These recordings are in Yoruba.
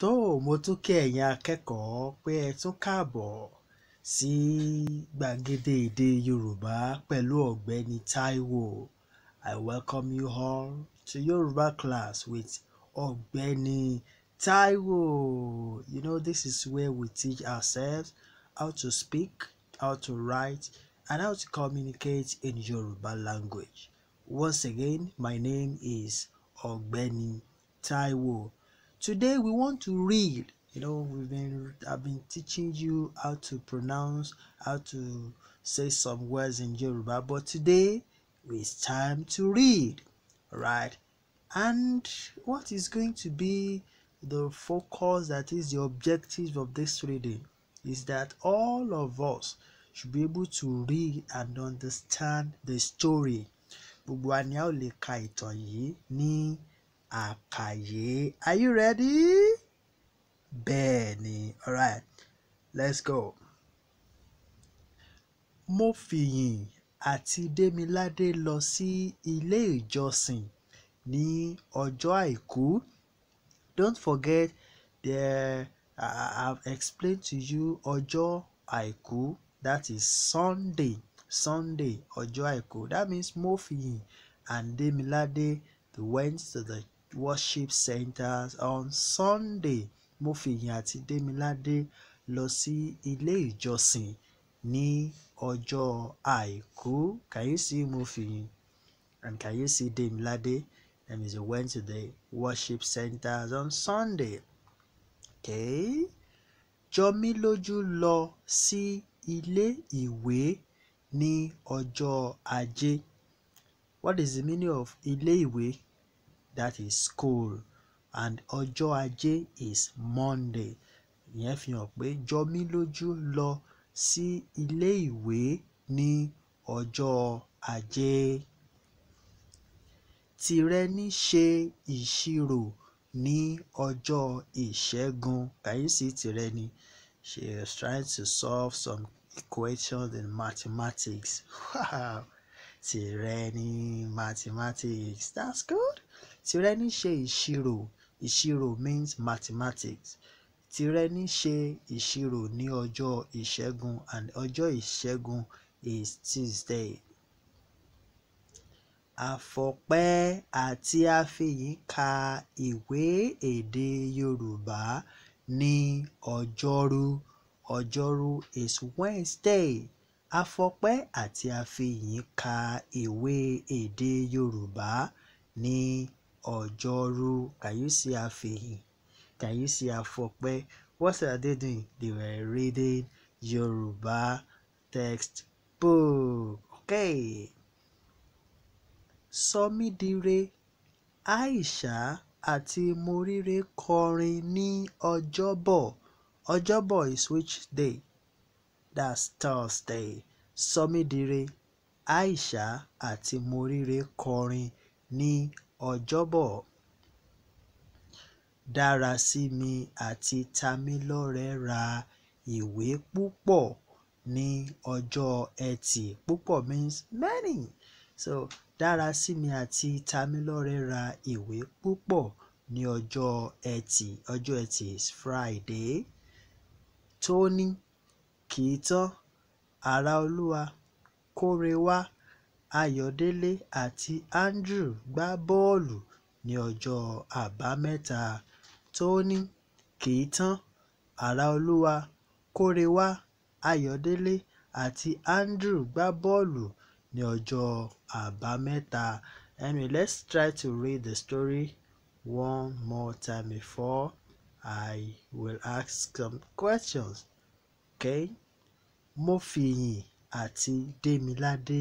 tó mo tún kí ẹ̀yin akẹ́kọ̀ọ́ pé ẹ tún káàbọ̀ sí gbàgede èdè Yorùbá pẹ̀lú ọ̀gbẹ́ni Taiwo I welcome you all to Yoruba class with ọ̀gbẹ́ni Taiwo you know this is where we teach ourselves how to speak how to write and how to communicate in Yoruba language once again my name is ọ̀gbẹ́ni Taiwo. Today we want to read. You know, we've been I've been teaching you how to pronounce, how to say some words in Yoruba, but today it's time to read, right? And what is going to be the focus that is the objective of this reading is that all of us should be able to read and understand the story. Gbogbo wa a ó lè ka ìtàn ní àkàyé are you ready? bẹ́ẹ̀ ni alright let's go. Mofìyìn àti Démiládé lọ sí ilé ìjọsìn ní ọjọ́ àìkú don't forget there I have explained to you ọjọ́ àìkú that is Sunday Sunday ọjọ́ àìkú that means Mofìyìn and Démiládé they went to the worship centers on sunday mo fìyìn àti démiládé lọ sí ilé ìjọsìn ní ọjọ́ àìkú kàyéésí mo fìyìn and kàyéésí démiládé and he went to the worship centers on sunday okay jọmí lójú lọ sí ilé ìwé ní ọjọ́ ajé what is the meaning of ilé ìwé that is school and ọjọ́ ajé is Monday ìyẹn fi hàn pé jọmí lójú lọ sí ilé ìwé ní ọjọ́ ajé tìrẹni ṣe ìṣirò ní ọjọ́ ìṣẹ́gun kàyéésí tìrẹni she is trying to solve some equations in mathematics wow tìrẹni mathematics that's good. Tireni ṣe ìṣirò Ìṣirò means mathematics. Tireni ṣe ìṣirò ní ọjọ́ Ìṣẹ́gun and ọjọ́ Ìṣẹ́gun is Tuesday. Àfọpẹ́ àti Afiyì ka ìwé èdè Yorùbá ní Ọjọ́rú. Ọjọ́rú is Wednesday. Àfọpẹ́ àti Afiyì ka ìwé èdè Yorùbá ní Ọjọ́rú can you see her face? Can you see her Fọpẹ́? What are they doing? They were reading Yoruba textbook. Okay. Sọmídire, Aisha àti Moríre kọrin ní Ọjọ́bọ̀. Ọjọ́bọ̀ is which day? That's Thursday. Sọmídire, Aisha àti Moríre kọrin ní Ọjọ́bọ̀ Dárasími àti Tamilọ́rẹ ra ìwé púpọ̀ ní ọjọ́ Ẹtì. Púpọ̀ means many. So Dárasími àti Tamilọ́rẹ ra ìwé púpọ̀ ní ọjọ́ Ẹtì. Ọjọ́ Ẹtì is Friday. Tóní kìí tán, àrà Olúwa kóre wá. Ayọ̀délé àti Andrew gbá bọ́ọ̀lù ní ọjọ́ Àbámẹ́ta. Tony ‘kìí tán Àráolúwa kóre wá Ayọ̀délé àti Andrew gbá bọ́ọ̀lù ní ọjọ́ Àbámẹ́ta. Anyway, let's try to read the story one more time before I will ask some questions, okay? Mófìyìn àti Démiládé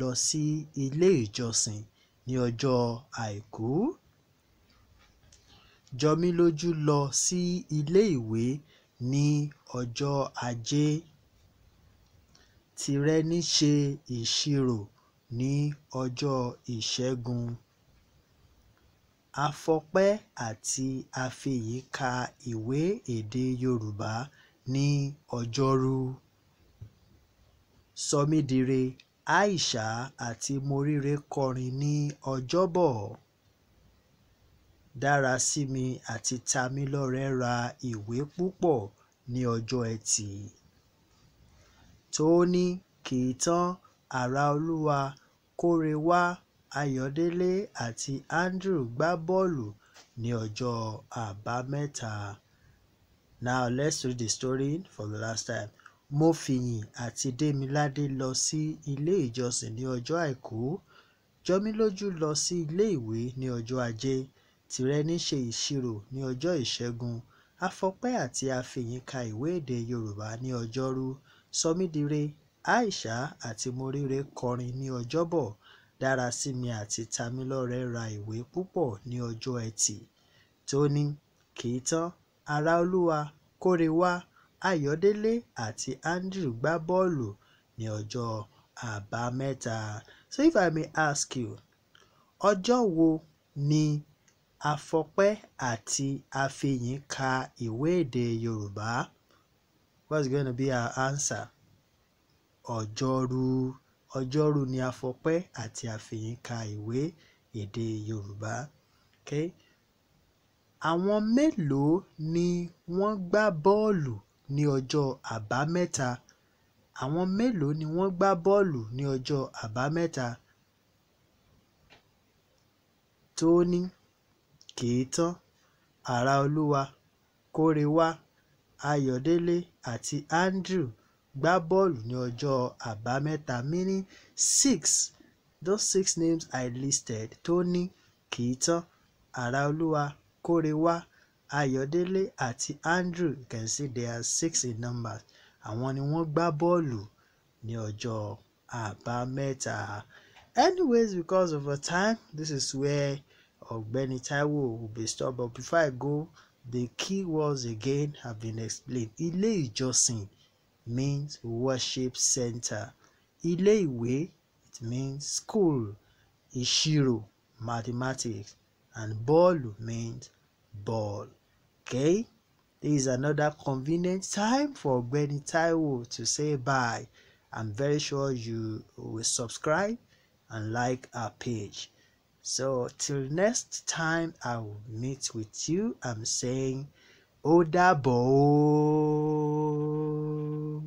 lọ sí ilé ìjọsìn ní ọjọ́ àìkú jọmílójú lọ sí ilé ìwé ní ọjọ́ ajé tìrẹni ṣe ìṣirò ní ọjọ́ ìṣẹ́gun afọpẹ́ àti afiyì ka ìwé èdè yorùbá ní ọjọ́rú sọmídire Aisha àti Moríre kọrin ní Ọjọ́bọ̀. Dárasími àti Tamilọ́rẹ ra ìwé púpọ̀ ní ọjọ́ Ẹtì. Tóóní Kìítán, Àráolúwa, Kórewá, Ayọ̀délé àti Andrew gbá bọ́ọ̀lù ní ọjọ́ Àbámẹ́ta. Now let's read the story for the last time. Mofìyìn àti Damiládé lọ sí ilé ìjọsìn ní ọjọ́ Àìkú, Jọmilójú lọ sí ilé ìwé ní ọjọ́ Ajé, Tìrẹni ṣe ìṣirò ní ọjọ́ Ìṣẹ́gun, Afọpẹ́ àti Afìyìn ka ìwé èdè Yorùbá ní Ọjọ́rú, Sọmídire, Àìṣà àti Moríre kọrin ní Ọjọ́bọ̀, Dárasími àti Tamilọ́rẹ ra ìwé púpọ̀ ní ọjọ́ Ẹtì, Tóní, Kìí tán, Àráolúwa, Kóre Ayọ̀délé àti Andrew gbá bọ́ọ̀lù ní ọjọ́ Àbámẹ́ta. So if I may ask you, ọjọ́ wo ni Afọpẹ́ àti Afiyìn ka ìwé èdè Yorùbá? What's going to be our answer? Ọjọ́rú. Ọjọ́rú ni Afọpẹ́ àti Afiyìn ka ìwé èdè Yorùbá. Okay? Àwọn mélòó ni wọ́n gbá bọ́ọ̀lù ní ọjọ́ Àbámẹ́ta? Àwọn mélòó ni wọ́n gbá bọ́ọ̀lù ní ọjọ́ Àbámẹ́ta? Tóóní, Kèétán, Àráolúwa, Kórewá, Ayọ̀délé àti Andrew gbá bọ́ọ̀lù ní ọjọ́ Àbámẹ́ta meaning six those six names I listed Tóóní, Kèétán, Àráolúwa, Kórewá, Ayọ̀délé àti Andrew Kenseth they are six in numbers. Àwọn ni wọ́n gbá bọ́ọ̀lù ní ọjọ́ Àbámẹ́ta. Anyways, because of the time, this is where Ọ̀gbẹ́ni Taiwo will be stop. But before I go, the key words again have been explained. Ilé ìjọsìn means worship center. Ilé ìwé it means school. Ìṣirò mathematics and bọ́ọ̀lù means ball. Okay, this is another convenient time for Benny Taiwo to say bye. I'm very sure you will subscribe and like our page. So till next time, I will meet with you. I'm saying, Oda Bo.